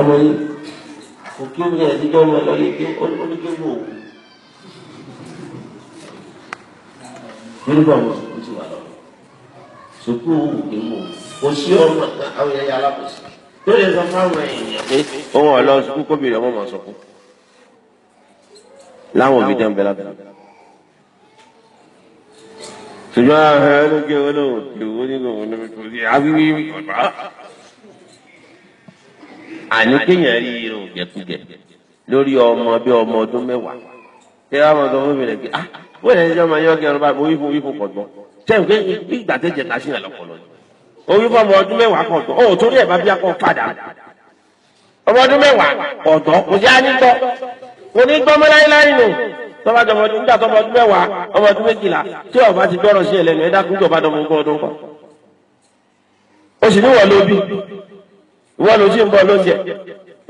ọmọ yìí kò kí omi ẹ̀ níjọ́ ọmọ lọ́lé kí oníkéwò òwò yúnífọ̀mù sùkúù ti wà lọ́wọ́ sùkúù ìmọ̀ o sí ọmọ àwọn ẹ̀yà alákòóso tó lè sọ fáwọn èèyàn pé òun ọ̀lọ́ sùkúù kóbìnrin ọmọ mọ̀ sọ̀kú láwọn òbí dẹ́n bẹ́lá bẹ́lá ṣùgbọ́n àwọn ẹlẹ́gẹ̀ẹ́ olóòtú òun nígbà òun níbi tó di àbíwí ọ̀pá àní kéèyàn rí irun jẹkújẹ lórí ọmọ bí ọmọ ọdún mẹ́wàá ṣé wàá mọ ọdún mẹ́wàá kí ah wọ́n lè jẹ́ ọmọ yọ kí ọlọ́ba mo wífún wífún kọ̀ gbọ́ sẹ́yìn pé ìgbà tẹ́ jẹ kásìnà lọ́pọ̀lọ́ o wífún ọmọ ọdún mẹ́wàá kọ̀ gbọ́ ọ̀ torí ẹ̀ bá bí akọ padà ọmọ ọdún mẹ́wàá ọ̀dọ́ kò sí anítọ́ kò ní gbọ́ mọ́láyíláyí nù tọ́bàjọ́ ọmọ ọdún nígbà tọ́mọ ọdún mẹ́wàá ọmọ ọdún méjìlá tí ọba wọ́n ló sì ń bọ̀ ló tiẹ̀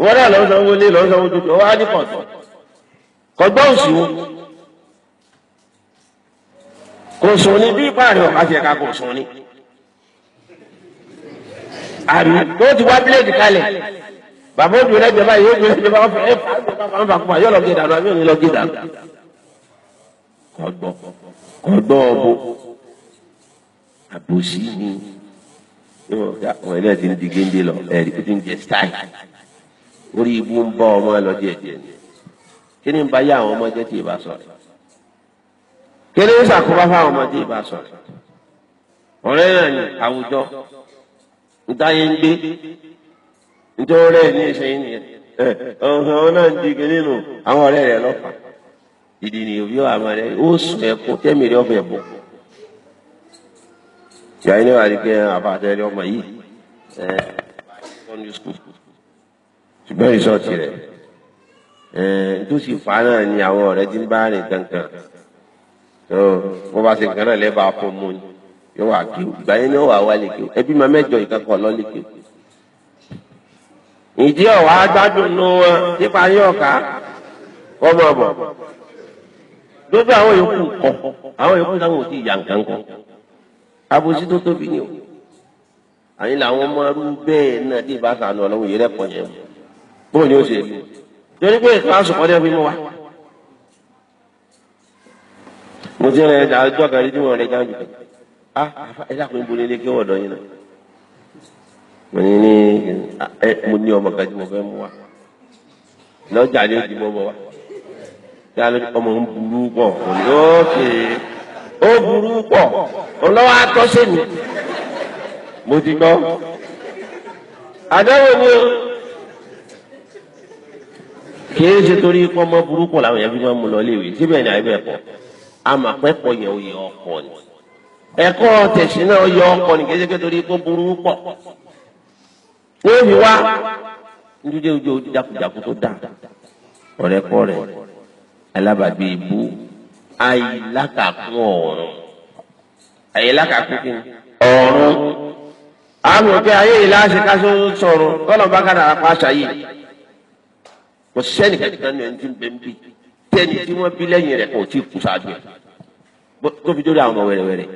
wọ́n náà lọ́n sanwó lé lọ́n sanwó tuntun wọ́n á ní kàn kọ́gbọ́n òsì wo kò sùn ní bí báàrin ọ̀ka tiẹ̀ ká kò sùn ní. àrùn tó ti wá bíléèdì kalẹ̀ bàbá ó dùn lẹ́gbẹ̀ẹ́ báyìí ó dùn lẹ́gbẹ̀ẹ́ báyìí fà á fà kúmà yọ̀ gé dànù àbí òní lọ́ọ́ gé dànù. kọ́gbọ́n kọ́gbọ́n ọ̀bọ àbòsí ni ọmọ ilé ti ń di géńdé lọ ẹ̀rí tó ti ń jẹ stáì orí ibú ń bọ́ ọmọ lọ díẹ̀ díẹ̀ kí ni ń bá yá àwọn ọmọ jẹ́ tí ì bá sọ̀rọ̀ kí ni ń ṣàkóbá fáwọn ọmọ tí ì bá sọ̀rọ̀ ọ̀rẹ́ náà ní àwùjọ ntáyé ń gbé nítorí ọ̀rẹ́ ní ìṣe yín nìyẹn ọ̀hún ọ̀hún náà ń di kíní nù àwọn ọ̀rẹ́ rẹ̀ lọ́fà ìdí ni òbí àwọn ọ̀rẹ́ ó sùn ẹ̀kún tẹ́mìrì ọ̀fẹ́ bọ̀ tí a yín náà wà ní pé àbájáde ọmọ yìí ẹ sunday school ṣùgbọ́n ìṣọ́ọ̀tì rẹ̀ ẹ tó sì fà á náà ni àwọn ọ̀rẹ́ ti ń bá rìn kankan tó bó bá ṣe nǹkan náà lẹ́bàá fún mu yóò wà kí o ìgbà yẹn náà wà wá lè kí o ẹbí máa mẹ́jọ ìkankan lọ lè kí o. ìdí ọ̀wá gbádùn nù wọn nípa yọ̀ọ̀ká ọmọ ọmọ lójú àwọn yòókù kọ àwọn yòókù sáwọn ò tí ì àbòsí tó tóbi ni o àyìn làwọn ọmọ arú bẹ́ẹ̀ náà dì bá sànù ọlọ́run yìí rẹ̀pọ̀ yẹn bóun ni ó ṣe torí pé ìkan àsopọ̀dé fi mú wa. mo ti rìn ẹja ọjọ́ kan nínú ọ̀rẹ́ jáde ah ẹ dàpọ̀ níbo ni ilé kí wọ́n dọ̀ yín náà mo ní ní ẹ mo ní ọmọ kan tí mo fẹ́ mú wa lọ́jà ni ó ti mọ́ bọ̀ wá ọmọ ń burú pọ̀ òkè. Okay. ó burú pọ̀ ọlọ́wọ́ atọ́sẹ̀ mi mo ti gbọ́ àdáwò ni o kìí ṣe torí kọ́ mọ́ burúkú làwọn yẹn fi máa mú lọ léwe síbẹ̀ ní àyẹ̀bẹ̀ pọ̀ amàpẹ́pọ̀ yẹn ò yẹ ọkọ ni ẹ̀kọ́ tẹ̀sí náà ọkọ ni kìí ṣe torí kó burú pọ̀ wọ́n wá ojú tó ọ̀rẹ́kọ́ rẹ̀ àyílákàkún ọ̀run àyílákàkún ọ̀run àwọn òkè ayé yìí láṣẹ káṣọ sọ̀rọ̀ kọlọ bá kára apá àṣà yìí kò sẹ́ni kankan ní ẹni tí ń bẹ ń bì tẹ́ni tí wọ́n bí lẹ́yìn rẹ̀ kò tí ì kú sáájú ẹ̀ tó fi dórí àwọn ọmọ wẹ̀rẹ̀wẹ̀rẹ̀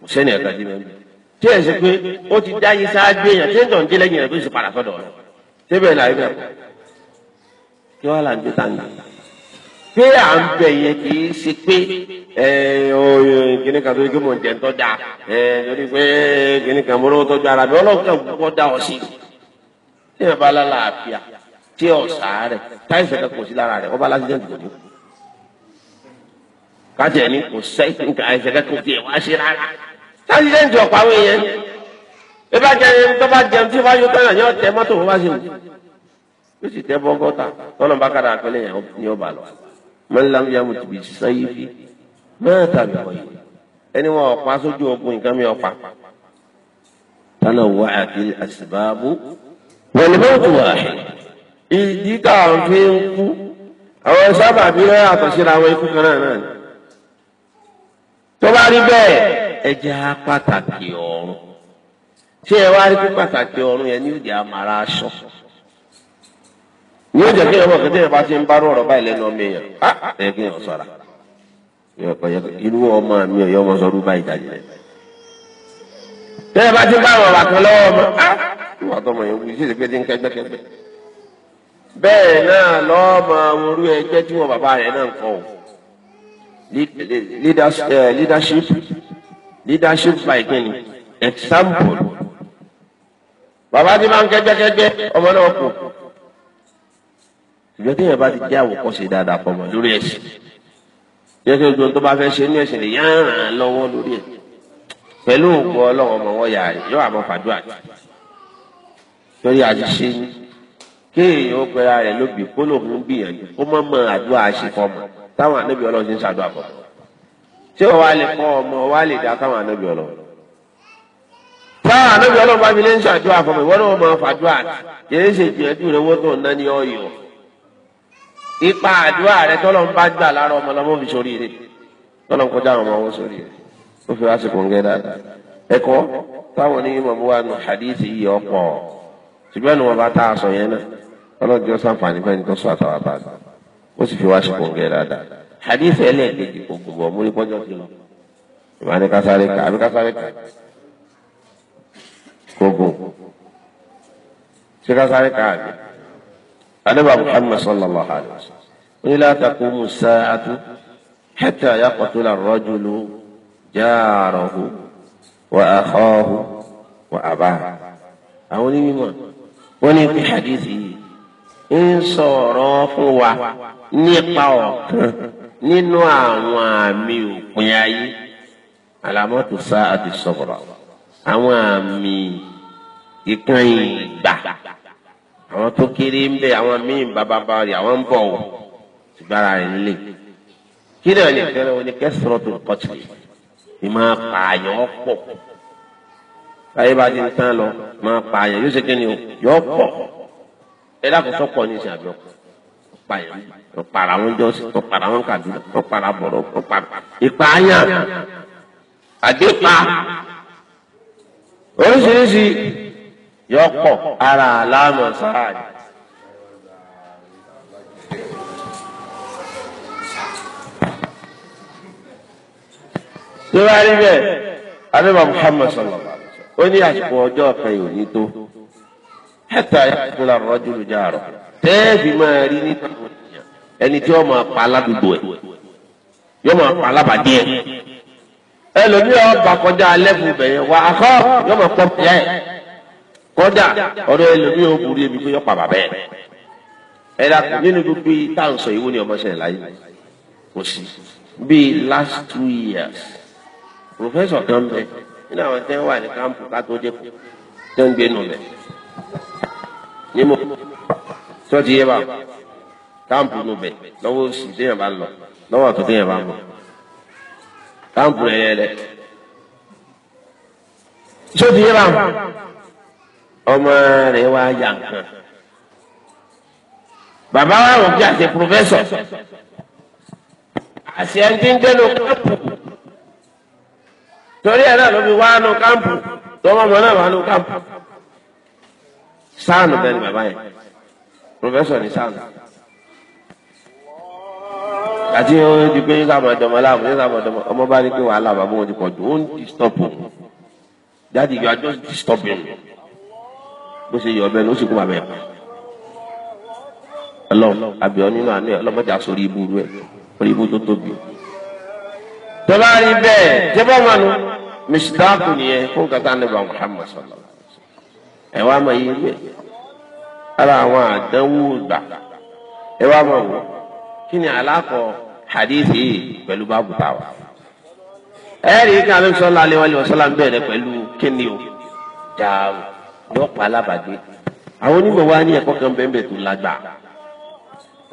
kò sẹ́ni ẹ̀ka tí ń bẹ ń bì tí ẹ̀ sẹ́ pé ó ti dá yín sáájú èèyàn tí ń tàn dé lẹ́yìn rẹ̀ tó sì padà sọ́dọ̀ rẹ̀ síbẹ̀ náà ẹ̀ kí wọ́n là ń dé tán náà pé à ń bẹ̀ yẹn kì í ṣe pé kìnìún kan tó yẹ kí mò ń jẹ tó da lórí pé kìnìún kan mọ́nà tó da ara mi ọlọ́run kan gbọ́ da ọ sí tí yẹn bá lálàáfíà tí ọ̀sà rẹ̀ táìsì kan kò sí lára rẹ̀ ọba aláṣẹ jẹ́ ìdìbò kájẹ ní kò sẹ́yìn nǹkan àìsàn kan kò tiẹ̀ wá sí rárá táìsì jẹ́ ìdìbò pàwọ́ yẹn bí bá jẹ tó bá jẹun tí bá yọ mọ́nlám yamut bi sayfi máa tàbí wọ̀nyí ẹni wọn ọ̀pá sójú ogun nǹkan mi ọ̀pá. tánà wà àti àsìbáàbù wọ̀nyí bá tù wá. ìdí tá à ń fi ń kú àwọn sábà bí wọ́n yàtọ̀ síra àwọn ikú kan náà náà ni. tó bá rí bẹ́ẹ̀ ẹ jẹ́ pàtàkì ọ̀run ṣé ẹ wá rí pàtàkì ọ̀run yẹn ní ìdí àmàrà aṣọ yóò jẹ́ kí ọmọ kẹtẹ yẹn bá ti ń bárò ọ̀rọ̀ báyìí lẹ́nu ọmọ èèyàn á ah, ẹ kí èèyàn ṣọ́ra irú ọmọ mi ò yọ ọmọ sọ rú báyìí dájú rẹ tẹ ẹ bá ti bá ọ̀rọ̀ kan lọ́wọ́ ọmọ á ah, ìwà tọmọ yẹn wuli sísè pé ti ń kẹ́gbẹ́kẹ́gbẹ́ bẹ́ẹ̀ náà lọọmọ orú ẹgbẹ́ tí wọn bàbá rẹ náà ń kọ o eh, leadership leadership by kenny example bàbá ti máa ń kẹ́gbẹ́kẹ́gbẹ́ ọmọ náà kù ìjọ tí yẹn bá ti jẹ́ àwòkọ́ṣe dáadáa fọmọ lórí ẹ̀sìn jẹ́ kí ojú tó bá fẹ́ ṣe ní ẹ̀sìn lè yá ràn án lọ́wọ́ lórí ẹ̀ pẹ̀lú òkú ọlọ́wọ́ ọmọ wọn yà rẹ̀ yóò àmọ́ fàdúrà lórí àṣìṣe kéèyàn ó pera rẹ̀ lóbi kó lóun gbìyànjú kó mọ́ mọ́ àdúrà àṣefọmọ táwọn anábì ọlọ́run ti ń ṣàdúrà fọmọ ṣé ọwọ́ alẹ́ kọ́ ọmọ ọwọ́ alẹ́ dá táwọn anábì ọlọ́run táwọn anábì ọlọ́run bá fi lè ń ṣàdúrà fọmọ ìwọ ipa àdúrà rẹ tọ́lọ́ ń bá gbà lára ọmọ lọ́mọ fi sórí rẹ tọ́lọ́ ń kọjá ọmọ wọn sórí rẹ ó fi lásìkò ń gẹ́ dáadáa ẹ̀kọ́ táwọn onímọ̀ bó wà nù hadith yìí ọ̀pọ̀ ṣùgbọ́n ẹnu wọn bá tá a sọ yẹn náà ọlọ́dún ọ̀sán àǹfààní fẹ́ẹ́ ní tó sọ àtàwọn àbá ó sì fi wá ṣe ń gẹ́ dáadáa hadith ẹlẹ́ẹ̀kejì kò gbogbo ọmọ ní pọ́jọ́ ti lọ ìmọ̀ni kásáré kà àbí kásáré kà kò gùn ṣé kásáré kà àbí anábà muhammad sallallahu alayhi wa sallam wọ́n ní la taqumu saa'atu hatta yaqtula ar-rajulu jaarahu wa akhaahu wa abaahu. àwọn onímọ̀ wọ́n ní bí hadithi ń sọ̀rọ̀ fún wa nípa ọ̀kan nínú àwọn àmì òpin ayé alamọ́tò sáà àti sọ̀rọ̀ àwọn àmì ìkànnì ìgbà àwọn tó kéré ń bẹ àwọn míì bàbàbà rẹ àwọn ń bọ̀ o ṣùgbọ́n ara rẹ̀ kí náà ní ìfẹ́ wọn ni kẹsàn-án tó kọ́ tì í ni máa pààyàn pọ̀ báyìí bá ti ń tán lọ máa pààyàn yóò ṣe kí ni o yọ pọ̀ ẹ lákòóso pọ̀ ní ìsìn àbíọ́ pààyàn tó para wọn jọ sí tó para wọn kàdúrà tó para bọ̀rọ̀ tó para ìpààyàn àdépa oríṣiríṣi yọpọ ara àlámọ sáàdì. lórí àríwẹ̀ àríwá Muhammad sọ̀rọ̀ ó ní àsìkò ọjọ́ ọ̀kan yóò ní tó ẹ̀ta ìfúnra rọ́jú ló jáàrọ̀ tẹ́ẹ̀bì máa rí níta ẹni tí wọ́n máa pa aládùúgbò ẹ̀ yóò máa pa alábàdí ẹ̀ ẹlòmíràn bá kọjá alẹ́ fún bẹ̀yẹ̀ wá akọ́ yóò máa pọ̀ bẹ́ẹ̀ kọ́dà ọ̀rọ̀ ẹlòmíì ó burú ebi pé yọpa bàbẹ́ ẹ dàkú nínú gbogbo táǹsọ ìwé ni ọmọ ṣẹlẹ̀ láyé kò sí bíi last two years professor kan bẹ nínú àwọn tẹ́ ń wà ní kámpù kátó dẹ́kun tẹ́ ń gbé nù bẹ̀ ní mo tọ́jú yẹ bá kámpù nù bẹ̀ lọ́wọ́ oṣù téèyàn bá lọ lọ́wọ́ àtọ́ téèyàn bá mọ̀ kámpù rẹ̀ yẹ dẹ́ sóòtú yẹ bá ọmọ rẹ̀ wá yà nǹkan bàbá wa rò bí àti pòfẹ́sọ̀ àti ẹni tí ń dénú kámpù torí ẹ̀ náà ló fi wá nu kámpù tọ́wọ́ ọmọ náà wá nu kámpù sáànù bẹ́ẹ̀ ni bàbá yẹn pòfẹ́sọ̀ ni sáànù àti ó di pé yíká máa dọmọ láàmú yíká máa dọmọ ọmọ bá ní pé wàhálà bàbá wọn ti pọ̀ jù ó ń disturb òun dáàdi you are just disturbing bó ṣe yọ ọbẹ̀ ló sì kú bàbá ẹ̀ ọlọ́run àbíọ́ nínú àánú ẹ̀ ọlọ́mọdé àsorí ibú rẹ̀ orí ibú tó tóbi. tọ́lá rí bẹ́ẹ̀ jẹ́bọ́ máa nu mùsùlùmí nìyẹn fún kàtà níbà Muhammad sọlọ ẹ wá máa yé bẹ́ẹ̀ ara àwọn àdánwò gbà ẹ wá máa wọ̀ kí ni alákọ̀ọ́ hadith yìí pẹ̀lú báàbù táwa ẹ̀rí kí alẹ́ sọ́lá alẹ́ wàlẹ́ wàsálà bẹ̀rẹ̀ pẹ̀lú kíni o dáàbò yóò pa alábàgbé àwọn onímọ̀ wa ní ẹ̀kọ́ kan bẹ́ẹ̀ tó lágbà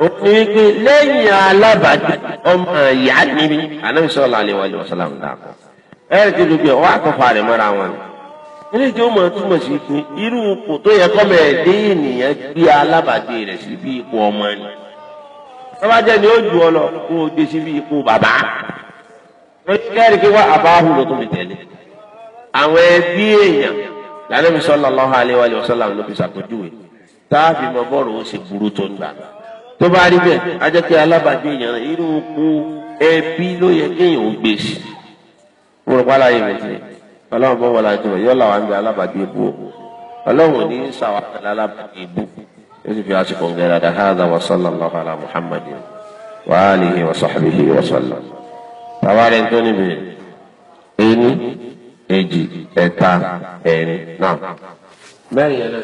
òní wípé lẹ́yìn alábàgbé ọmọ ìyá níbi anábì sallallahu alaihi wasallam dàkọ ẹ̀rì tó dùn pé wọ́n àkọ́fà rẹ̀ mọ́ra wọn eléyìí tí ó mọ̀ túmọ̀ sí pé irú ipò tó yẹ kọ́ mẹ́ẹ̀ dé ènìyàn gbé alábàgbé rẹ̀ sí bí ipò ọmọ ni tọ́ba jẹ́ ni ó ju ọ lọ kó o gbé sí bí ipò bàbá kẹ́rì kí wọ́n àbáhùn ló tún fi tẹ̀lé àwọn ẹbí èèyàn lànàbí sallallahu alaihi wa sallam ló fi ṣàpèjúwe táàbì mọ bọ́ọ̀rù ó sì burú tó ń gbà tó bá rí bẹ́ẹ̀ ajẹ́kẹ́ alábàájọ èèyàn irú ipò ẹbí ló yẹ kéèyàn ó gbé sí i mo rò pálá yìí mẹ́tìrì ọlọ́run bọ́ wọlé àjọ yọ làwọn àgbẹ̀ alábàájọ ìbú o ọlọ́run ní sàwọn àgbẹ̀ alábàájọ ó sì fi àsìkò ń gẹ̀rẹ́ àdá hàdà wa sallallahu ala muhammadin wa alihi wa sahbihi wa sallam tàwa rẹ̀ ń tó níbi èyí èjì ẹ̀ta ẹ̀rin náà. mẹ́rin yẹn náà.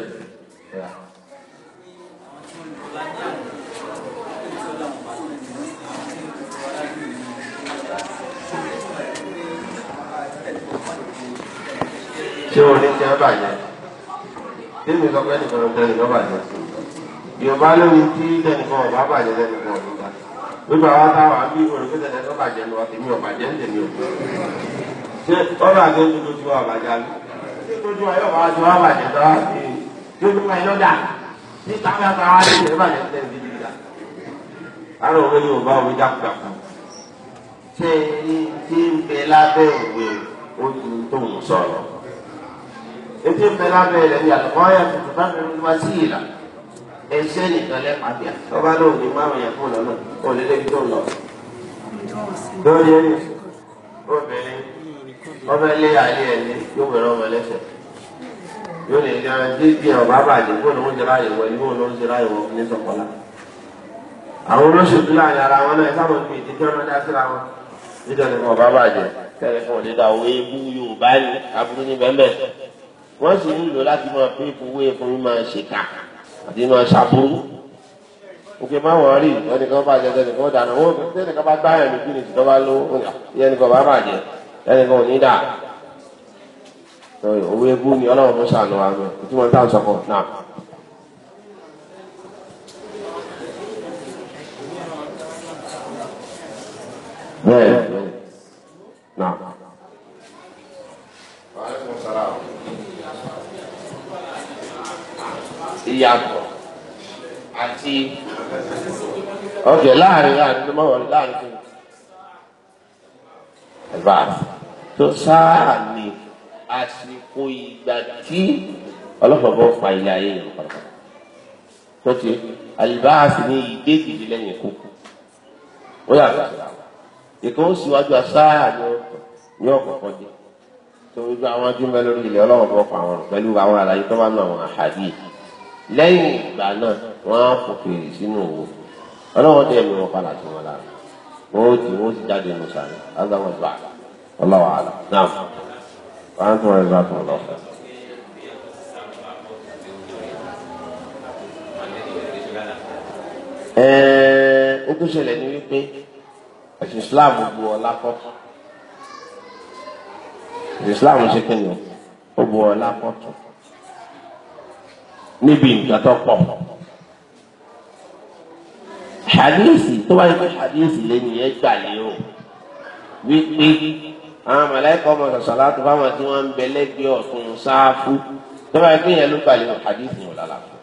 ṣé o ní kí ẹ bàjẹ́ tí mi sọ pé nìkan ọ̀gbẹ́ nìkan bàjẹ́ yorùbá lórí tí tẹnìkan ọ̀bá bàjẹ́ tẹnìkan ọ̀dọ́gba gbogbo àwọn táwọn àbí olùkọ́ tẹnìkan bàjẹ́ lọ́wọ́ tèmi ọ̀bàjẹ́ ń tèmi ọ̀gbẹ́ ṣé ọ̀rọ̀ àti ojú tó ti wà bàjá lọ ṣé tójú ayọ̀ bá ti wà bàjẹ́ tó wà sí i tójú ayọ̀ dà ní táwọn àtàwọn àti ìṣẹ̀lẹ̀ bàjẹ́ tẹ̀ ní ìdílé dà. àrò òwe yóò bá òwe jákujàku ṣé ní tí ń bẹ lábẹ́ òwe ó ti tó ń sọ̀rọ̀ ètò ń bẹ lábẹ́ rẹ̀ ní àlùkò ayọ̀ tuntun bá mi wá sí ìlà ẹsẹ nìkan lẹ́pàá bíà ọba náà ní márùn yẹn fún lọ́nà òlélẹ́bí tó ń lọ. lórí ẹni obìnrin wọ́n fẹ́ lé àlẹ́ ẹ̀ lé yóò bẹ̀rẹ̀ ọmọ ẹlẹ́sẹ̀ yóò lè lé ara dé bí ọba àbàjẹ́ bóun ló ń jẹrà ìwọ ẹni bóun ló ń jẹrà ìwọ ní sọ̀kọ́lá. àwọn olóṣèlú láàyè ara wọn náà sábà fi ìdí kí wọn dá síra wọn nítorí fún ọba àbàjẹ́ tẹlifọ̀n dídá owó ebú yorùbá ni aburú ní bẹ́ẹ̀ wọ́n sì nílò láti máa pé owó epo máa ṣèkà àti máa ṣàbúrú òkè máa wọ̀n rí ẹnìkan bàjẹ́ ẹnìkan dànù wọ́n ẹnìkan bá gbáyàn lójú ní ìtìjọba ló ẹnìkan bá bàjẹ́ ẹnìkan ò ní dà òwe ebú ni ọlọ́run tó ṣàánú wa mi kí wọ́n dáhùn sọ́kọ̀ náà. bẹ́ẹ̀ náà. ìyàtọ̀ àti ọ̀kẹ́ láàrin láàrin ló máa wọ̀ láàrin tó. ẹ̀ bá a tó sáà ní àsìkò ìgbà tí ọlọ́pàá fa ilé ayé yẹn pàpà tó ti àlìbáàsì ní ìdéjìdí lẹ́yìn ikú ó yàtọ̀ ìkan ó síwájú asáà ní ọ̀kọ̀ọ̀kan jẹ́ torí pé àwọn tí ń bẹ lórí ilẹ̀ ọlọ́wọ́ bọ́ pa àwọn pẹ̀lú àwọn àlàyé tó bá nù àwọn àhàdì lẹ́yìn ìgbà náà wọ́n á fò fèrè sínú òwò ọlọ́wọ́ dẹ̀ mi wọ́n padà sí wọn lára wọ́n ó ti wọ́n ó ti jáde Allahu a'lam. نعم. Wàá tún الله. ẹ̀ka tó lọ. Ẹ̀ẹ́ ó tún ṣẹlẹ̀ ní wípé ẹ̀sìn Islam bu ọlá pọ̀tù. Islam ṣe kí ni ó bu ọlá pọ̀tù. Níbi nǹkan tó pọ̀ hadisi tó bá yẹ kó hadisi lé ní ẹ gbà lé o wípé àwọn mọ̀lẹ́kọ̀ ọmọ sọ̀sọ̀lá tó fáwọn tí wọ́n ń bẹ lẹ́gbẹ̀ẹ́ ọ̀tún sáfù tó bá gbé yẹn ló balẹ̀ wọn hadith yẹn lálàáfíà.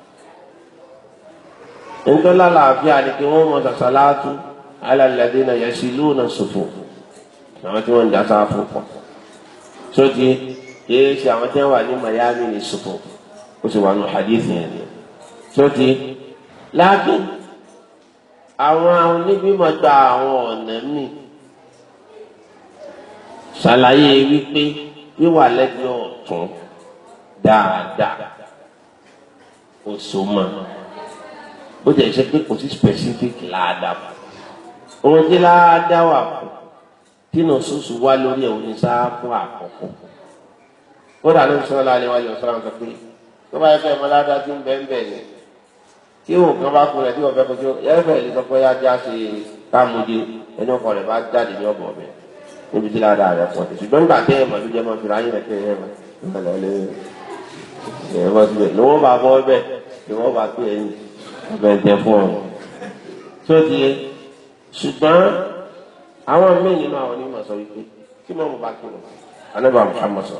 nítorí lálàáfíà ni kí wọ́n mọ sọ̀sọ̀lá tó alàlẹ́dẹ náà yẹsi lóòna sòfò àwọn tí wọ́n ń da sáfù pọ̀. sóti kìí ṣe àwọn tí wọ́n wà ní Miami ní sòfò ó sì wà ní hadith yẹn ni. sóti láàkín àwọn oníbímọ gba àwọn ọ̀nà míì ṣàlàyé wípé wíwà lẹ́gbẹ̀ẹ́ ọ̀tún dáadáa kò so mọ́ bó jẹ́ ṣe pé kò sí specific láàdáwà òun ti láàdáwà kù tínú sùsù wá lórí ẹ̀ òní sáàpù àkọ́kọ́ kódà ló ń sọ láàrin wájú ọ̀sán àwọn kan pé tó bá yẹ fẹ́ mọ ládàá tí ń bẹ́ẹ̀ bẹ́ẹ̀ ni tí òun kan bá kú rẹ̀ tí wọ́n fẹ́ kojú yẹ́fẹ̀ẹ́ lè sọ pé yá já ṣe káàmù di ẹni ọkọ rẹ̀ bá jáde ní ọ̀bọ̀ bẹ́ẹ̀ níbi tí ládàá rẹ̀ pọ̀ sí ṣùgbọ́n nígbà tẹ́ ẹ̀ mọ̀ ló jẹ́ mọ́ fìlà ayé rẹ̀ kẹ́ ẹ̀ mọ̀ lọ́lẹ́ ẹ̀ mọ̀ síbẹ̀ ni wọ́n bá bọ́ bẹ́ẹ̀ ni wọ́n bá pé ẹ̀yìn ọbẹ̀ jẹ fún ọ. tó di ẹ ṣùgbọ́n àwọn míì nínú àwọn onímọ̀ sọ wípé kí mọ̀ mo bá kí wọn anábà Muhammad sọ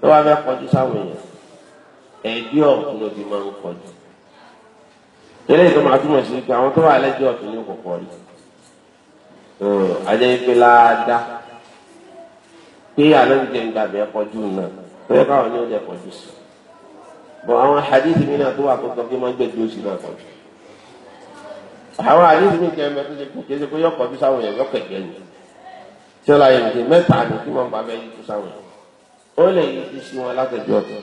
tó wàá fẹ́ kọjú sáwọn èèyàn ẹ̀ẹ́dí ọ̀tún ló fi máa ń kọjú. eré ìtọ́ màá túmọ̀ sí Hmm, ajẹ́ ipe láadáa pé àlọ́jẹ́ ń gbàgbẹ́ pọ̀jù náà bóyá káwọn ní ó jẹ́ pọ̀jù sí bọ̀ àwọn hadith mi náà tó wà kó tọ́jú máa ń gbé dúró sí náà pọ̀jù àwọn hadith mi kẹ́ mẹ́tò lè kó jẹ́ pé yọ pọ̀jù sáwọn yẹn yọkẹ̀ jẹ́ ni tí ó láyé nìyẹn mẹ́ta ni kí wọ́n bá bẹ́ yí tó sáwọn yẹn ó lè yí tó sí wọn látẹ̀jọ́ ọ̀tọ̀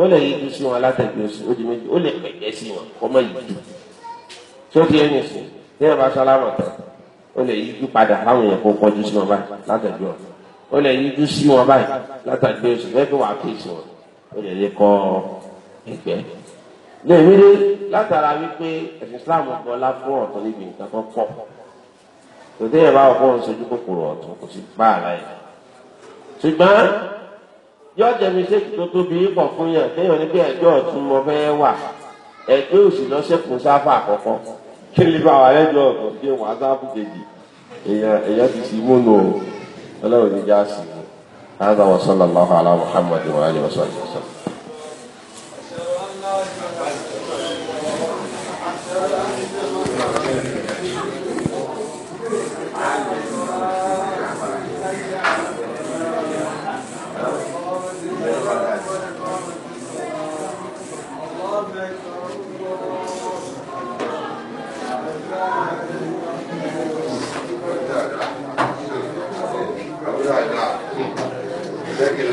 ó lè yí tó sí wọn látẹ̀jọ́ sí ó di méjì ó lè pẹ̀jẹ́ sí wọn kọ́mọ ó lè yíjú padà fáwọn èèyàn kó kọjú sí wọn báyìí látàgbé ọ ó lè yíjú sí wọn báyìí látàgbé oṣù fẹ́ẹ́ fi wàá kéèsì wọn ó lè lè kọ ẹgbẹ́. ní ìwéré látara wípé ẹ̀sìn Islam kan láfún ọ̀tún níbi nǹkan kan pọ̀ tòtí ẹ̀ bá ọ̀pọ̀ ìṣojú kòkòrò ọ̀tún kò sí bá àlàyé. ṣùgbọ́n yóò jẹ́mi ṣé tó tóbi pọ̀ fún yàn kéèyàn ní bí ẹjọ́ ọ̀tún mo fẹ́ wà ẹjọ́ òsì lọ́sẹ̀kùn sáfà àkọ́kọ́ kílí bá wà lẹ́jọ́ ọ̀tọ̀ sí ẹ̀wọ̀n azáàbù kejì èèyàn ti sì múnú o ọlọ́run ní já sí i. هذا وصلى الله على محمد وآله وصحبه وسلم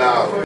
now.